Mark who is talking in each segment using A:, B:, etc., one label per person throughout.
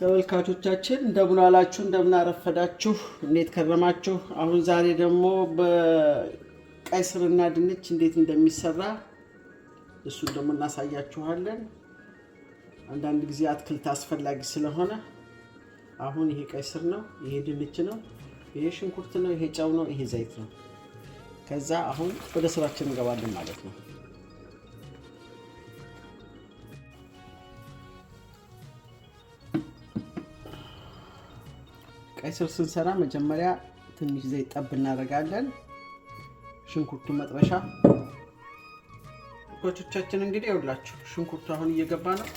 A: ተመልካቾቻችን እንደምን አላችሁ፣ እንደምን አረፈዳችሁ፣ እንዴት ከረማችሁ? አሁን ዛሬ ደግሞ በቀይ ስርና ድንች እንዴት እንደሚሰራ እሱን ደግሞ እናሳያችኋለን። አንዳንድ ጊዜ አትክልት አስፈላጊ ስለሆነ አሁን ይሄ ቀይ ስር ነው፣ ይሄ ድንች ነው፣ ይሄ ሽንኩርት ነው፣ ይሄ ጨው ነው፣ ይሄ ዘይት ነው። ከዛ አሁን ወደ ስራችን እንገባለን ማለት ነው። ቀይ ስር ስንሰራ መጀመሪያ ትንሽ ዘይት ጠብ እናደርጋለን። ሽንኩርቱ መጥበሻ ቶቻችን እንግዲህ ይውላችሁ ሽንኩርቱ አሁን እየገባ ነው።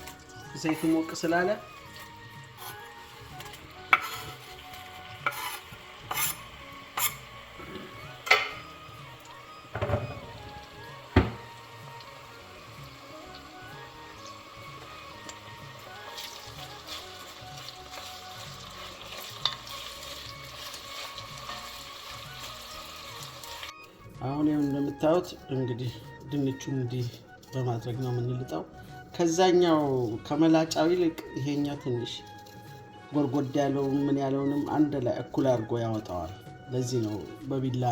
A: ዘይቱ ሞቅ ስላለ አሁን ይኸው እንደምታዩት እንግዲህ ድንቹ እንዲህ በማድረግ ነው የምንልጠው። ከዛኛው ከመላጫው ይልቅ ይሄኛው ትንሽ ጎርጎድ ያለውን ምን ያለውንም አንድ ላይ እኩል አድርጎ ያወጣዋል። ለዚህ ነው በቢላ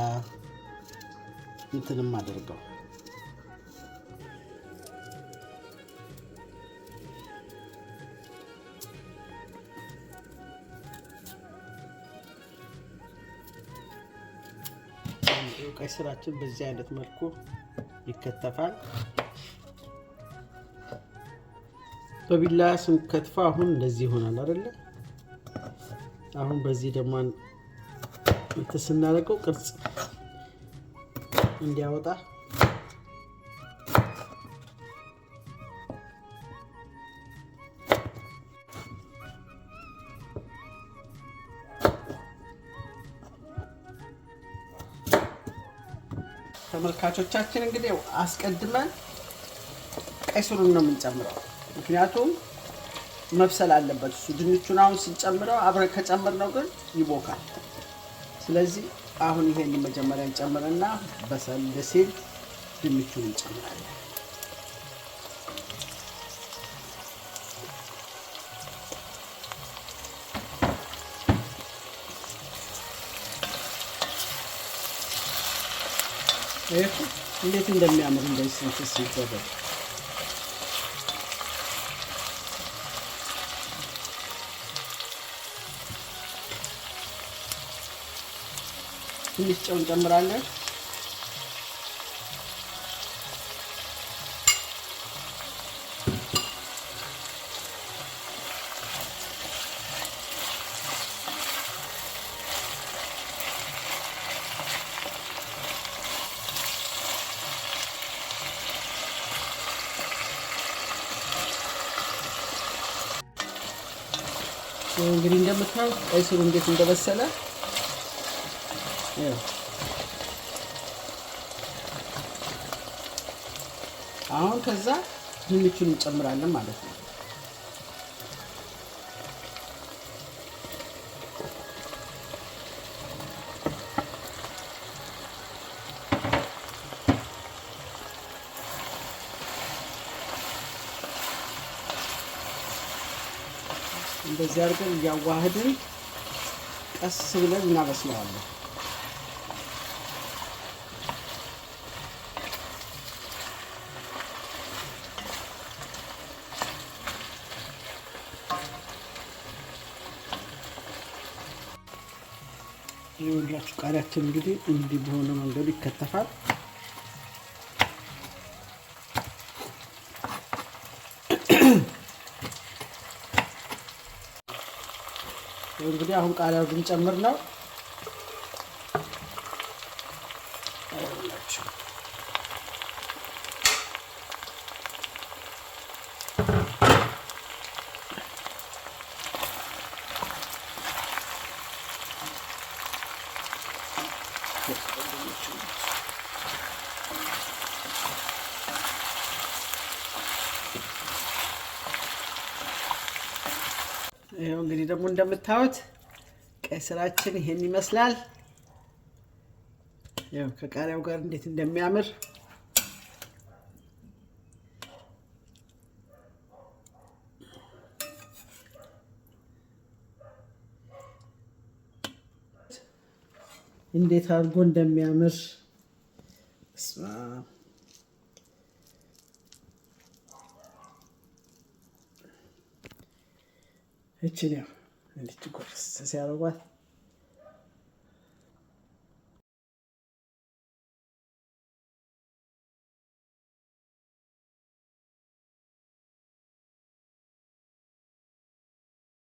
A: እንትንም አድርገው ቀይ ስራችን በዚህ አይነት መልኩ ይከተፋል። በቢላ ስንከትፋ አሁን እንደዚህ ይሆናል አይደለ? አሁን በዚህ ደግሞ ስናደርገው ቅርጽ እንዲያወጣ ተመልካቾቻችን እንግዲህ አስቀድመን ቀይ ስሩን ነው የምንጨምረው፣ ምክንያቱም መብሰል አለበት እሱ። ድንቹን አሁን ስንጨምረው አብረ ነው ግን ይቦካል። ስለዚህ አሁን ይሄን መጀመሪያ እንጨምርና በሰል ሲል ድንቹን እንጨምራለን። እንዴት እንደሚያምር እንደዚህ ስንት ሲደረግ ትንሽ ጨው እንጨምራለን። እንግዲህ እንደምታዩት ቀይ ስሩ እንዴት እንደበሰለ አሁን ከዛ ድንቹን እንጨምራለን ማለት ነው። እንደዚህ አድርገን እያዋህድን ቀስ ብለን እናበስለዋለን። ይኸውላችሁ ቃሪያችን እንግዲህ እንዲህ በሆነ መንገድ ይከተፋል። እንግዲህ አሁን ቃሪያውን ልንጨምር ነው። you. ይኸው እንግዲህ ደግሞ እንደምታዩት ቀይ ስራችን ይሄን ይመስላል። ያው ከቃሪያው ጋር እንዴት እንደሚያምር እንዴት አድርጎ እንደሚያምር Échele, el chico, se